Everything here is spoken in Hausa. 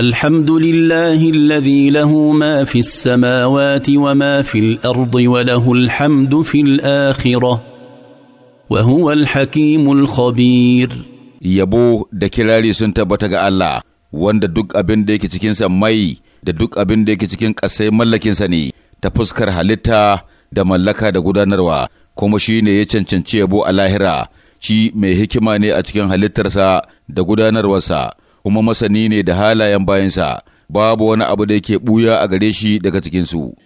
الحمد لله الذي له ما في السماوات وما في الارض وله الحمد في الاخره وهو الحكيم الخبير yabo da kirari sun tabbata ga Allah wanda duk abin da yake cikin mai da duk abin da yake cikin ƙasai mallakinsa ne ta fuskar halitta da mallaka da gudanarwa kuma shi ne ya cancanci yabo a lahira shi mai hikima ne a cikin halittarsa da gudanarwarsa kuma masani ne da halayen bayansa, babu wani abu da yake ɓuya a gare shi daga cikinsu.